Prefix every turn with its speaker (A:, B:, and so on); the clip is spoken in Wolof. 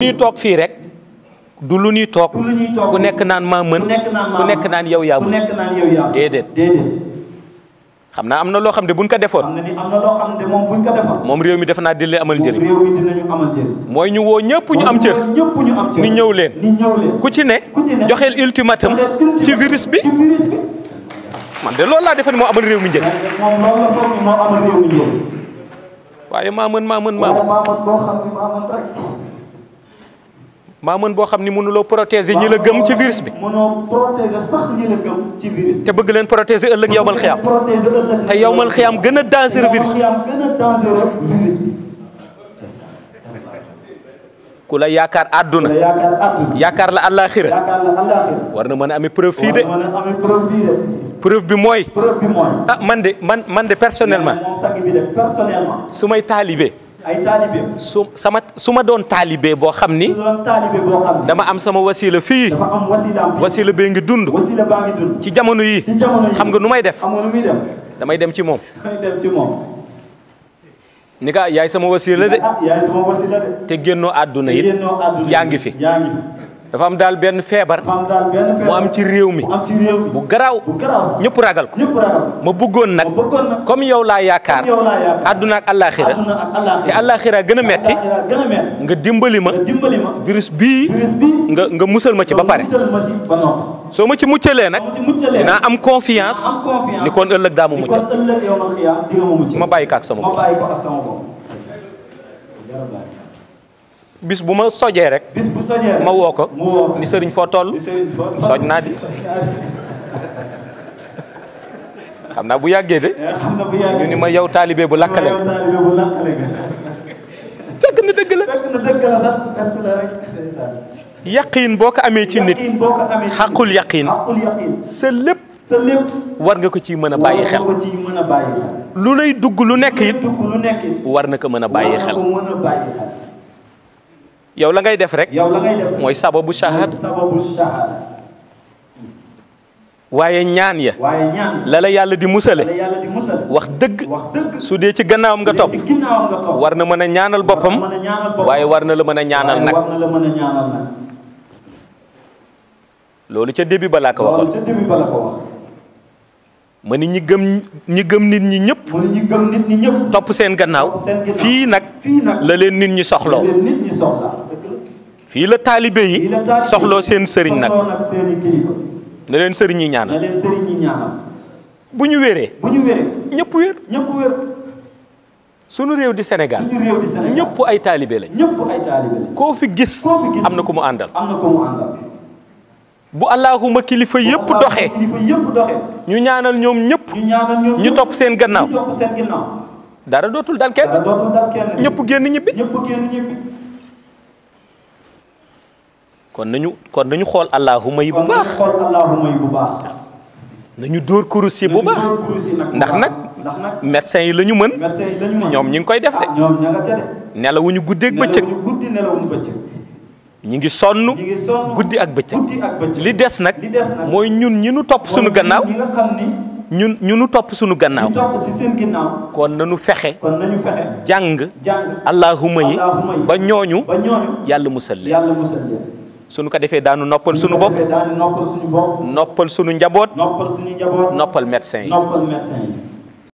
A: lu ñuy toog fii rek du lu ñuy toog ku nekk naan maa mën ku nekk naan yow yaa mën déedéet xam naa am na loo xam ne buñ ko defoon moom réew mi def naa dina amal njëriñ mooy ñu woo ñëpp ñu am cër ni ñëw leen ku ci ne joxeel ultimatum ci virus bi man de loolu laa defe moo amal réew mi njëriñ waaye maa mën maa mën maa maa mën boo xam ni mënuloo protéger ñi la gëm ci virus bi. mënoo protéger sax ñi la gëm ci virus te bëgg leen protéger ëllëg yowmal xiyaam. te yowmal xiyaam gën a dangereux virus bi. ku la yaakaar àdduna. yaakaar la àllaaxira. war na mën a amee preuve fii de. preuve bi mooy. ah man de man man de personnellement. su may taalibe. ay su sama su ma doon taalibe boo xam ni. dama am sama wasila fii. dafa am wasila am bee ngi dund. ci jamono yi xam nga nu may def. damay dem ci moom. damay dem ci moom. ni ka yaay sama wasila de. yaay sama wasila de. àdduna yi yaa ngi fi. dafa am daal benn feebar mu am ci réew mi bu garaaw ñëpp ragal ko ma bëggoon nag comme yow laa yaakaar àdduna ak àllaaxira te àllaaxira gën a metti nga dimbali ma virus bii nga nga musal ma ci ba pare soo ma ci muccalee nag dinaa am confiance ni kon ëllëg daa ma muccal ma bàyyi ko ak sama bopp bis bu ma sojee rek. ma woo ko. ni sëriñ foo toll. soj naa di. xam naa bu yàggee de. ñu ni ma yow taalibe bu lakkale nga. fekk na dëgg la. yaqiin boo ko amee ci nit. xaqul yaqiin. sa lépp. war nga ko ciy mën a bàyyi xel lu lay dugg lu nekk it war na ko mën a bàyyi xel yow la ngay def rek mooy sababu shahada waaye ñaan ya la yàlla di musale wax dëgg su dee ci gannaawam nga topp war na mën a ñaanal boppam waaye war na la mën a ñaanal nag loolu ca début ba laa ko waxoon ma ni ñi gëm ñi gëm nit ñi ñëpp topp seen gannaaw fii nag la nit ñi soxloo fii la taalibe yi soxloo seen sëriñ nag na leen sëriñ ñaanal bu ñu wéree ñëpp wér sunu réew di senegal ñëpp ay taalibe lañ koo fi gis am na ku mu àndal bu allahuma kilifa yëpp doxee ñu ñaanal ñoom ñëpp ñu topp seen gannaaw dara dootul dal kenn ñëpp génn ñibbi kon nañu kon nañu xool allahuma yi bu baax nañu dóor kurus yi bu baax ndax nag médecin yi lañu mën ñoom ñi ngi koy def de ah, nelawuñu guddeeg bëccëg ñi ngi sonn guddi ak bëccëg li des nag mooy ñun ñi nu topp suñu gannaaw ñun ñu nu topp sunu gannaaw kon nañu fexe jàng allahuma yi ba ñooñu yàlla musal leen suñu ko defee daanu noppal suñu bopp noppal suñu njaboot noppal médecin yi